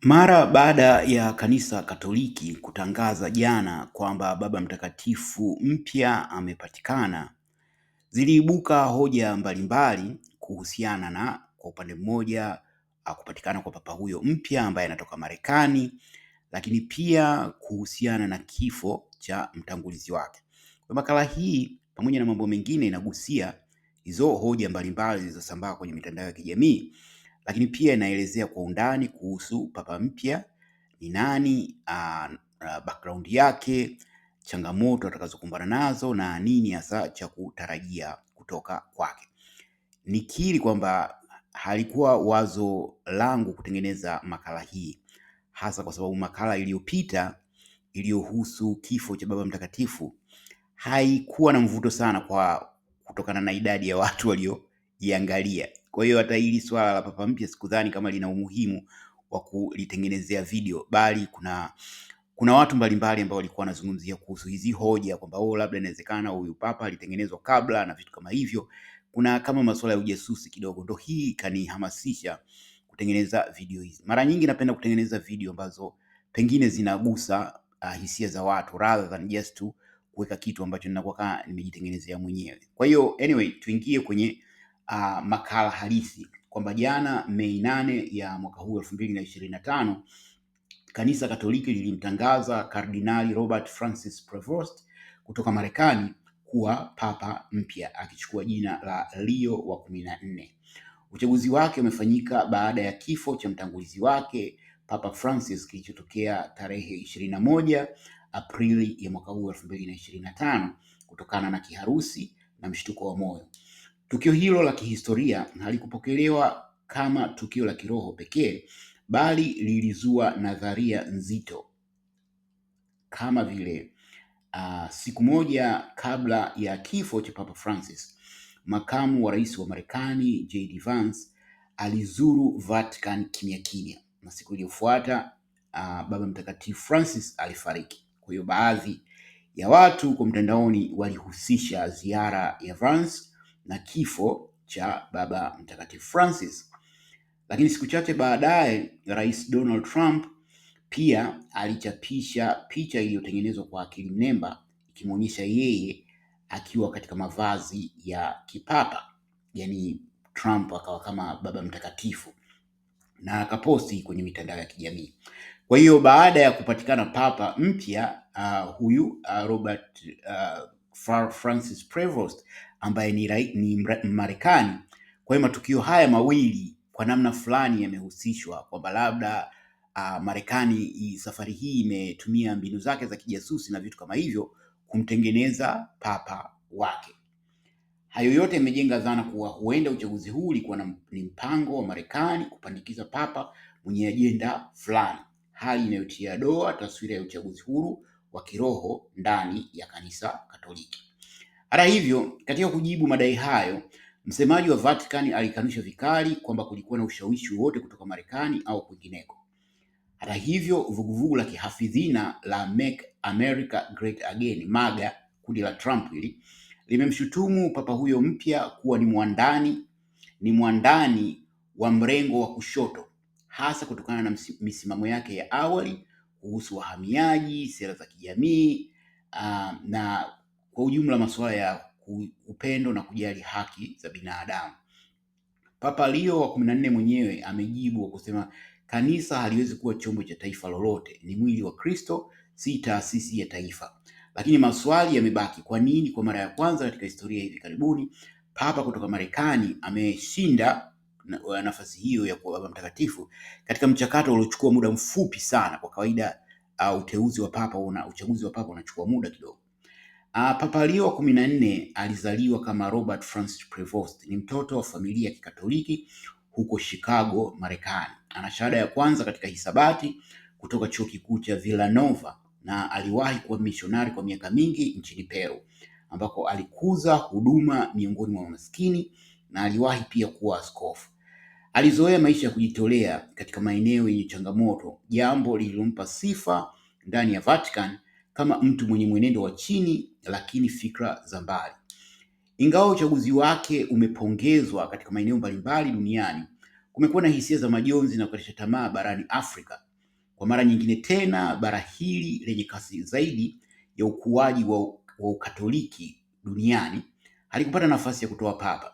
Mara baada ya Kanisa Katoliki kutangaza jana kwamba Baba Mtakatifu mpya amepatikana, ziliibuka hoja mbalimbali kuhusiana na kwa upande mmoja ah, kupatikana kwa Papa huyo mpya ambaye anatoka Marekani, lakini pia kuhusiana na kifo cha mtangulizi wake. Kwa makala hii pamoja na mambo mengine inagusia hizo hoja mbalimbali zilizosambaa kwenye mitandao ya kijamii lakini pia inaelezea kwa undani kuhusu papa mpya ni nani, ah, ah, background yake, changamoto atakazokumbana nazo na nini hasa cha kutarajia kutoka kwake. Nikiri kwamba halikuwa wazo langu kutengeneza makala hii, hasa kwa sababu makala iliyopita iliyohusu kifo cha Baba Mtakatifu haikuwa na mvuto sana kwa kutokana na idadi ya watu walioiangalia. Kwa hiyo hata hili swala la Papa Mpya sikudhani kama lina umuhimu wa kulitengenezea video, bali kuna kuna watu mbalimbali ambao walikuwa wanazungumzia kuhusu hizi hoja kwamba oh, labda inawezekana huyu papa alitengenezwa kabla na vitu kama hivyo. Kuna kama masuala ya ujasusi kidogo, ndo hii ikanihamasisha kutengeneza video hizi. Mara nyingi napenda kutengeneza video ambazo pengine zinagusa uh, hisia za watu rather than just to kuweka kitu ambacho ninakuwa nimejitengenezea mwenyewe. Kwa hiyo anyway, tuingie kwenye uh, makala halisi kwamba jana Mei nane ya mwaka huu elfu mbili na ishirini na tano Kanisa Katoliki lilimtangaza Kardinali Robert Francis Prevost kutoka Marekani kuwa papa mpya akichukua jina la Leo wa kumi na nne. Uchaguzi wake umefanyika baada ya kifo cha mtangulizi wake Papa Francis kilichotokea tarehe ishirini na moja Aprili ya mwaka huu elfu mbili na ishirini na tano kutokana na kiharusi na mshtuko wa moyo. Tukio hilo la kihistoria halikupokelewa kama tukio la kiroho pekee, bali lilizua nadharia nzito kama vile uh, siku moja kabla ya kifo cha Papa Francis, makamu wa rais wa Marekani JD Vance alizuru Vatican kimya kimya, na siku iliyofuata uh, Baba Mtakatifu Francis alifariki. Kwa hiyo baadhi ya watu kwa mtandaoni walihusisha ziara ya Vance na kifo cha Baba Mtakatifu Francis. Lakini siku chache baadaye, Rais Donald Trump pia alichapisha picha iliyotengenezwa kwa akili mnemba ikimwonyesha yeye akiwa katika mavazi ya kipapa, yaani Trump akawa kama baba mtakatifu na akaposti kwenye mitandao ya kijamii. Kwa hiyo baada ya kupatikana papa mpya uh, huyu uh, Robert uh, Francis Prevost ambaye ni, ni Marekani. Kwa hiyo matukio haya mawili kwa namna fulani yamehusishwa kwamba labda uh, Marekani safari hii imetumia mbinu zake za kijasusi na vitu kama hivyo kumtengeneza papa wake. Hayo yote yamejenga dhana kuwa huenda uchaguzi huu ulikuwa ni mpango wa Marekani kupandikiza papa mwenye ajenda fulani, hali inayotia doa taswira ya uchaguzi huru wa kiroho ndani ya kanisa Katoliki. Hata hivyo, katika kujibu madai hayo, msemaji wa Vatican alikanusha vikali kwamba kulikuwa na ushawishi wote kutoka Marekani au kwingineko. Hata hivyo, vuguvugu la kihafidhina la Make America Great Again, MAGA, kundi la Trump hili limemshutumu papa huyo mpya kuwa ni mwandani ni mwandani wa mrengo wa kushoto hasa kutokana na misimamo yake ya awali kuhusu wahamiaji, sera za kijamii uh, na kwa ujumla masuala ya upendo na kujali haki za binadamu. Papa Leo wa kumi na nne mwenyewe amejibu kwa kusema kanisa haliwezi kuwa chombo cha taifa lolote, ni mwili wa Kristo, si taasisi ya taifa. Lakini maswali yamebaki, kwa nini kwa mara ya kwanza katika historia hivi karibuni Papa kutoka Marekani ameshinda nafasi hiyo ya kuwa baba mtakatifu katika mchakato uliochukua muda mfupi sana. Kwa kawaida uh, uteuzi wa papa una uchaguzi wa papa unachukua muda kidogo. Uh, Papa Leo wa kumi na nne alizaliwa kama Robert Francis Prevost. Ni mtoto wa familia ya Kikatoliki huko Chicago, Marekani. Ana shahada ya kwanza katika hisabati kutoka chuo kikuu cha Villanova na aliwahi kuwa mishonari kwa miaka mingi nchini Peru ambako alikuza huduma miongoni mwa maskini na aliwahi pia kuwa askofu. Alizoea maisha ya kujitolea katika maeneo yenye changamoto, jambo lililompa sifa ndani ya Vatican kama mtu mwenye mwenendo wa chini lakini fikra za mbali. Ingawa uchaguzi wake umepongezwa katika maeneo mbalimbali duniani, kumekuwa na hisia za majonzi na kukatisha tamaa barani Afrika. Kwa mara nyingine tena, bara hili lenye kasi zaidi ya ukuaji wa, wa Ukatoliki duniani halikupata nafasi ya kutoa papa.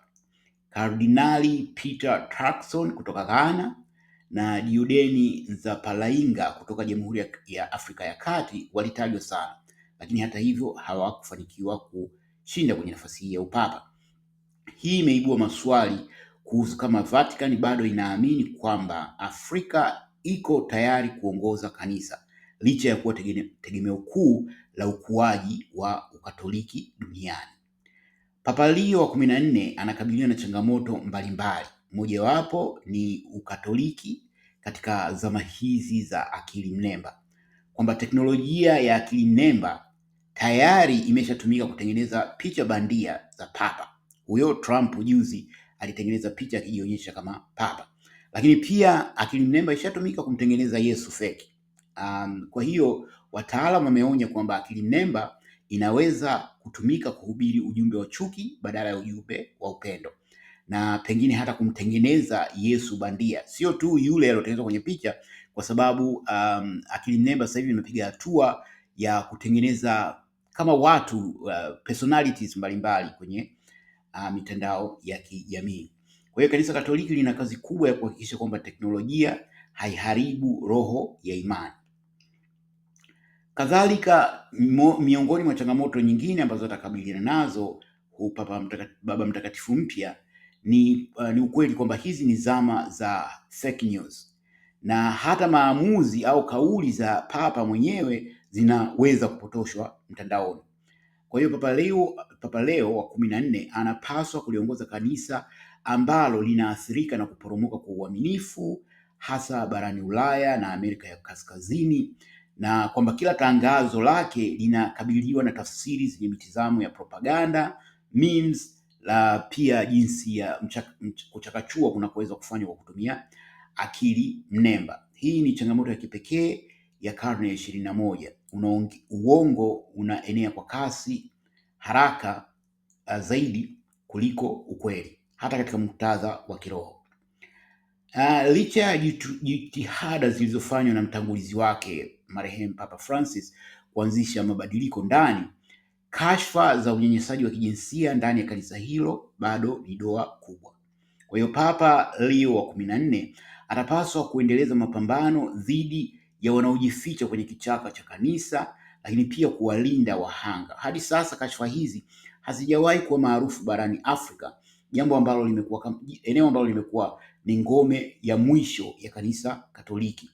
Kardinali Peter Turkson kutoka Ghana na diudeni zapalainga kutoka Jamhuri ya Afrika ya Kati walitajwa sana, lakini hata hivyo hawakufanikiwa kushinda kwenye nafasi hii ya upapa. Hii imeibua maswali kuhusu kama Vatican bado inaamini kwamba Afrika iko tayari kuongoza kanisa licha ya kuwa tegemeo kuu la ukuaji wa Ukatoliki duniani. Papa Leo wa kumi na nne anakabiliwa na changamoto mbalimbali, mojawapo ni ukatoliki katika zama hizi za akili mnemba, kwamba teknolojia ya akili mnemba tayari imeshatumika kutengeneza picha bandia za papa. Huyo Trump juzi alitengeneza picha akijionyesha kama papa, lakini pia akili mnemba ishatumika kumtengeneza Yesu feki. Um, kwa hiyo wataalamu wameonya kwamba akili mnemba inaweza kutumika kuhubiri ujumbe wa chuki badala ya ujumbe wa upendo, na pengine hata kumtengeneza Yesu bandia, sio tu yule aliyotengenezwa kwenye picha, kwa sababu um, akili mnemba sasa hivi imepiga hatua ya kutengeneza kama watu uh, personalities mbalimbali kwenye uh, mitandao ya kijamii. Kwa hiyo Kanisa Katoliki lina kazi kubwa ya kuhakikisha kwamba teknolojia haiharibu roho ya imani. Kadhalika, miongoni mwa changamoto nyingine ambazo atakabiliana nazo Baba mtaka, Mtakatifu mpya ni, uh, ni ukweli kwamba hizi ni zama za fake news na hata maamuzi au kauli za Papa mwenyewe zinaweza kupotoshwa mtandaoni. Kwa hiyo Papa Leo, Papa Leo wa kumi na nne anapaswa kuliongoza kanisa ambalo linaathirika na kuporomoka kwa uaminifu hasa barani Ulaya na Amerika ya Kaskazini na kwamba kila tangazo lake linakabiliwa na tafsiri zenye mitizamo ya propaganda, memes, la pia jinsi ya kuchakachua mcha, kunakoweza kufanywa kwa kutumia akili mnemba. Hii ni changamoto ya kipekee ya karne ya ishirini na moja. Uongo unaenea kwa kasi haraka uh, zaidi kuliko ukweli hata katika muktadha wa kiroho. Uh, licha ya jitihada zilizofanywa na mtangulizi wake marehemu Papa Francis kuanzisha mabadiliko ndani. Kashfa za unyanyasaji wa kijinsia ndani ya kanisa hilo bado ni doa kubwa. Kwa hiyo Papa Leo wa kumi na nne atapaswa kuendeleza mapambano dhidi ya wanaojificha kwenye kichaka cha kanisa, lakini pia kuwalinda wahanga. Hadi sasa kashfa hizi hazijawahi kuwa maarufu barani Afrika, jambo ambalo limekuwa eneo ambalo limekuwa ni ngome ya mwisho ya kanisa Katoliki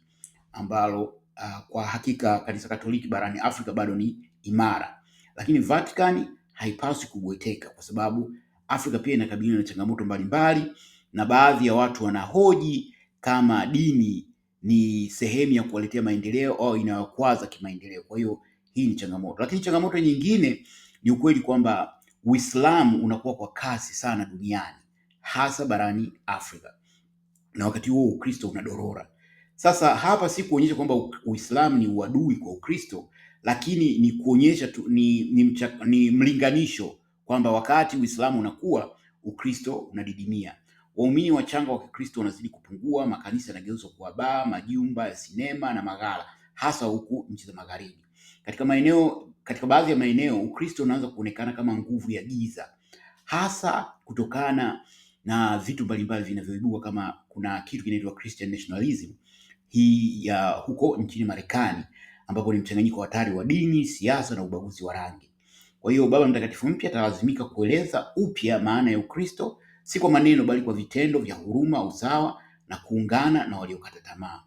ambalo uh, kwa hakika kanisa Katoliki barani Afrika bado ni imara, lakini Vatican haipaswi kubweteka, kwa sababu Afrika pia inakabiliwa na changamoto mbalimbali, na baadhi ya watu wanahoji kama dini ni sehemu ya kuwaletea maendeleo au inayokwaza kimaendeleo. Kwa hiyo hii ni changamoto, lakini changamoto nyingine ni ukweli kwamba Uislamu unakuwa kwa kasi sana duniani, hasa barani Afrika, na wakati huo Ukristo unadorora. Sasa hapa si kuonyesha kwamba Uislamu ni uadui kwa Ukristo, lakini ni kuonyesha tu, ni, ni, mcha, ni mlinganisho kwamba wakati Uislamu unakuwa Ukristo unadidimia. Waumini wachanga wa Kikristo wanazidi kupungua, makanisa yanageuzwa kuwa baa, majumba ya sinema na maghala, hasa huku nchi za magharibi. Katika maeneo, katika baadhi ya maeneo Ukristo unaanza kuonekana kama nguvu ya giza, hasa kutokana na vitu mbalimbali vinavyoibuka, kama kuna kitu kinaitwa Christian nationalism hii ya huko nchini Marekani ambapo ni mchanganyiko hatari wa dini, siasa na ubaguzi wa rangi. Kwa hiyo Baba Mtakatifu mpya atalazimika kueleza upya maana ya Ukristo, si kwa maneno bali kwa vitendo vya huruma, usawa na kuungana na waliokata tamaa.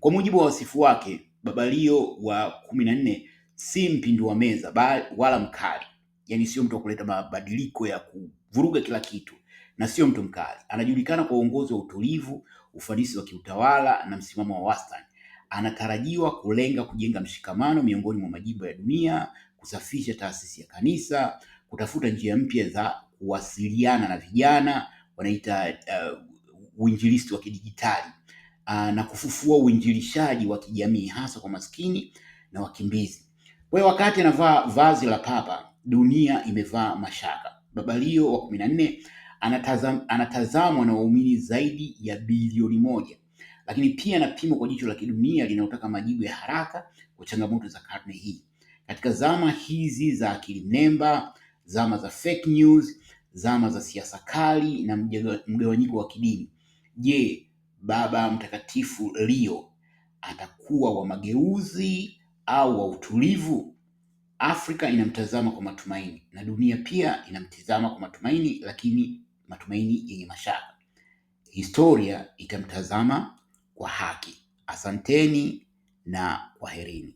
Kwa mujibu wa wasifu wake, Baba Leo wa kumi na nne si mpindu wa meza bali wala mkali, yaani sio mtu wa kuleta mabadiliko ya kuvuruga kila kitu na sio mtu mkali. Anajulikana kwa uongozi wa utulivu, ufanisi wa kiutawala na msimamo wa wastani. Anatarajiwa kulenga kujenga mshikamano miongoni mwa majimbo ya dunia, kusafisha taasisi ya kanisa, kutafuta njia mpya za kuwasiliana na vijana wanaita uh, uinjilisti wa kidijitali uh, na kufufua uinjilishaji wa kijamii hasa kwa maskini na wakimbizi. Kwa wakati anavaa vazi la papa, dunia imevaa mashaka. Babalio wa kumi na nne anatazam, anatazamwa na waumini zaidi ya bilioni moja, lakini pia anapimwa kwa jicho la kidunia linalotaka majibu ya haraka kwa changamoto za karne hii. Katika zama hizi za akili mnemba, zama za fake news, zama za siasa kali na mgawanyiko wa kidini, je, Baba Mtakatifu Leo atakuwa wa mageuzi au wa utulivu? Afrika inamtazama kwa matumaini na dunia pia inamtazama kwa matumaini, lakini matumaini yenye mashaka. Historia itamtazama kwa haki. Asanteni na kwaherini.